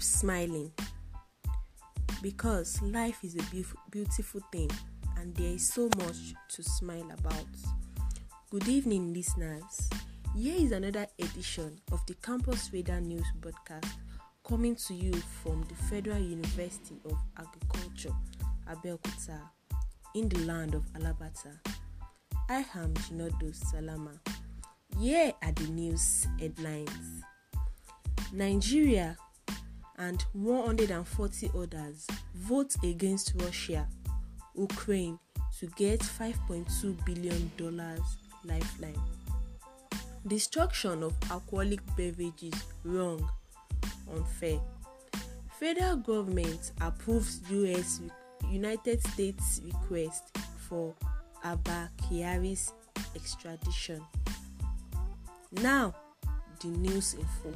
smiling because life is a beautiful thing and there is so much to smile about. Good evening, listeners. Here is another edition of the Campus Radar News broadcast coming to you from the Federal University of Agriculture, Abeokuta, in the land of Alabata. I am Jinodo Salama. Here are the news headlines Nigeria and 140 others vote against Russia, Ukraine to get $5.2 billion dollars lifeline. Destruction of alcoholic beverages wrong, unfair. Federal government approves US United States request for Abba Kyari's extradition. Now, the news in full.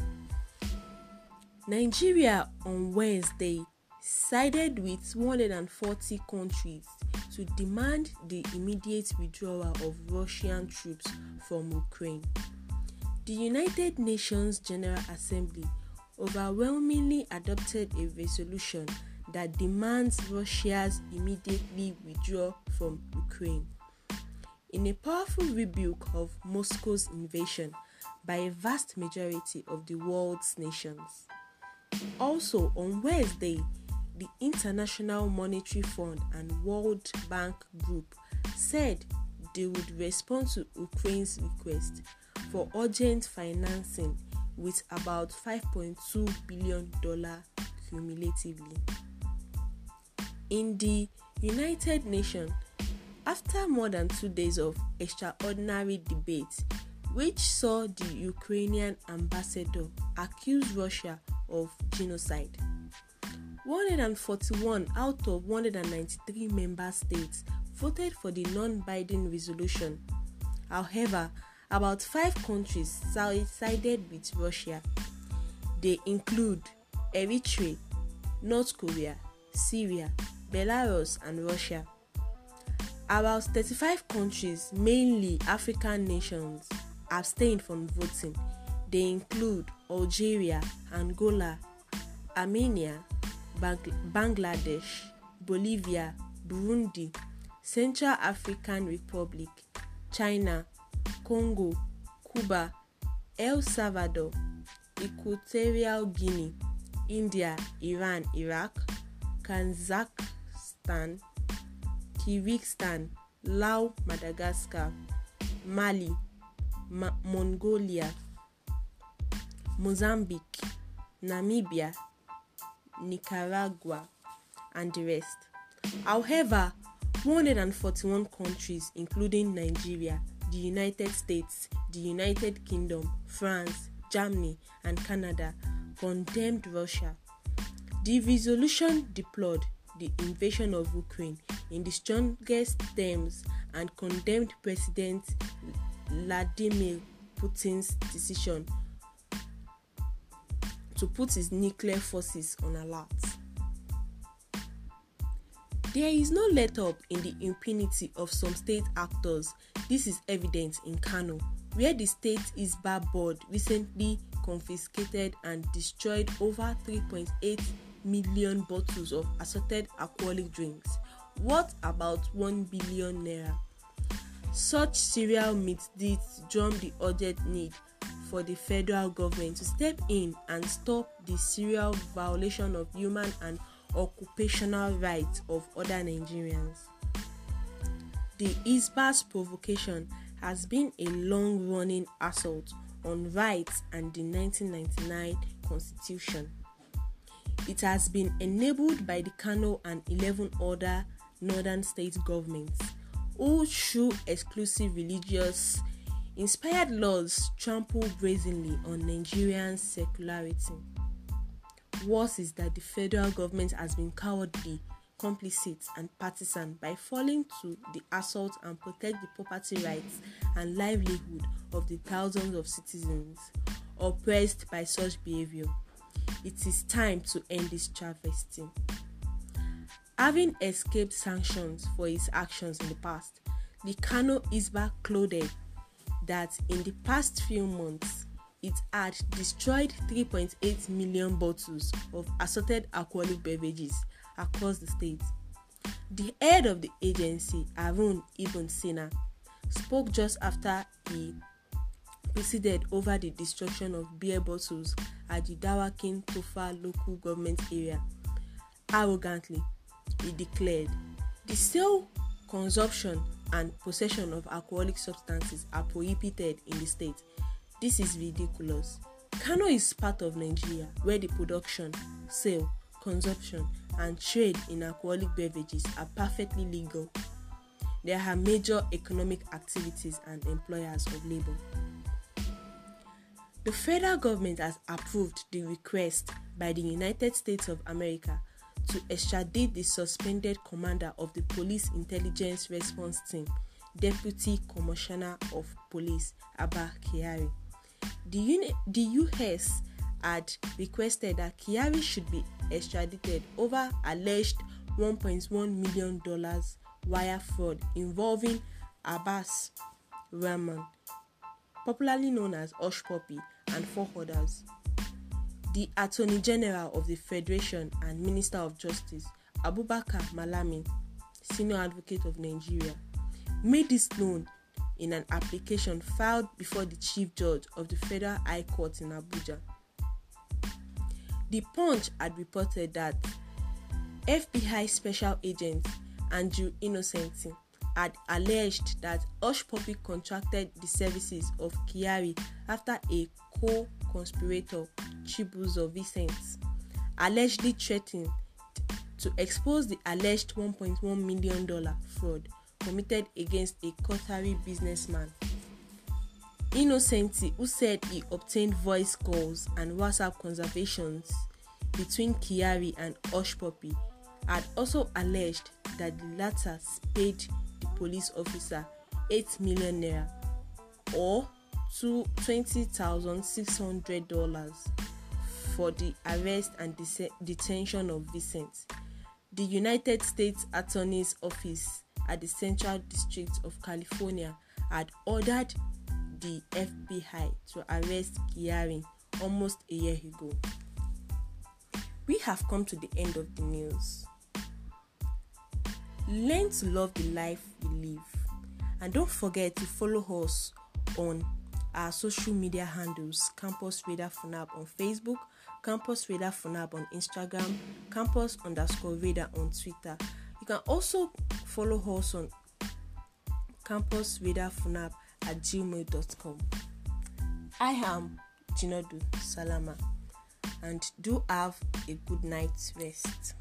Nigeria on Wednesday sided with 140 countries to demand the immediate withdrawal of Russian troops from Ukraine. The United Nations General Assembly overwhelmingly adopted a resolution that demands Russia's immediately withdrawal from Ukraine. In a powerful rebuke of Moscow's invasion by a vast majority of the world's nations, also, on Wednesday, the International Monetary Fund and World Bank Group said they would respond to Ukraine's request for urgent financing with about $5.2 billion cumulatively. In the United Nations, after more than two days of extraordinary debates, which saw the Ukrainian ambassador accuse Russia of genocide. 141 out of 193 member states voted for the non binding resolution. However, about five countries sided with Russia. They include Eritrea, North Korea, Syria, Belarus, and Russia. About 35 countries, mainly African nations, abstained from voting, they include Algeria, Angola, Armenia, Bangladesh, Bolivia, Burundi, Central African Republic, China, Congo, Cuba, El Salvador, Equatorial Guinea, India, Iran, Iraq, Kazakhstan, Kyrgyzstan, Laos, Madagascar, Mali, Ma- Mongolia, Mozambique, Namibia, Nicaragua, and the rest. However, 141 countries, including Nigeria, the United States, the United Kingdom, France, Germany, and Canada, condemned Russia. The resolution deplored the invasion of Ukraine in the strongest terms and condemned President Vladimir Putin's decision to put his nuclear forces on alert. There is no let up in the impunity of some state actors. This is evident in Kano, where the state ISBA board recently confiscated and destroyed over 3.8 million bottles of assorted alcoholic drinks. What about 1 billion naira? Such serial misdeeds drum the urgent need for the federal government to step in and stop the serial violation of human and occupational rights of other Nigerians. The ISBA's provocation has been a long running assault on rights and the 1999 Constitution. It has been enabled by the Kano and 11 other northern state governments, who, through exclusive religious Inspired laws trample brazenly on Nigerian secularity. Worse is that the federal government has been cowardly, complicit, and partisan by falling to the assault and protect the property rights and livelihood of the thousands of citizens oppressed by such behavior. It is time to end this travesty. Having escaped sanctions for his actions in the past, the Kano Isba Clothed that in the past few months, it had destroyed 3.8 million bottles of assorted alcoholic beverages across the state. The head of the agency, Arun Ibn Sina, spoke just after he proceeded over the destruction of beer bottles at the Dawakin Tofa local government area. Arrogantly, he declared, The sale, consumption, and possession of alcoholic substances are prohibited in the state. This is ridiculous. Kano is part of Nigeria where the production, sale, consumption, and trade in alcoholic beverages are perfectly legal. There are major economic activities and employers of labor. The federal government has approved the request by the United States of America to extradite the suspended commander of the Police Intelligence Response Team, Deputy Commissioner of Police Abba Kyari. The, uni- the US had requested that Kyari should be extradited over alleged $1.1 million wire fraud involving Abbas Rahman, popularly known as Osh Poppy, and four others the Attorney General of the Federation and Minister of Justice, Abubakar Malami, Senior Advocate of Nigeria, made this known in an application filed before the Chief Judge of the Federal High Court in Abuja. The Punch had reported that FBI special agent Andrew Innocenti had alleged that Hush Puppy contracted the services of Kyari after a co conspirator Chibuzo Vicent allegedly threatened to expose the alleged $1.1 million fraud committed against a Qatari businessman. Innocenti, who said he obtained voice calls and WhatsApp conversations between Kiari and Osh had also alleged that the latter paid the police officer 8 million naira or $20,600 for the arrest and de- detention of Vincent. The United States Attorney's Office at the Central District of California had ordered the FBI to arrest Kiari almost a year ago. We have come to the end of the news. Learn to love the life we live. And don't forget to follow us on our social media handles Campus Radar Funab on Facebook Campus Radar Funab on Instagram, Campus underscore Radar on Twitter. You can also follow us on Campus Radar Funab at gmail.com. I am Jinodu Salama and do have a good night's rest.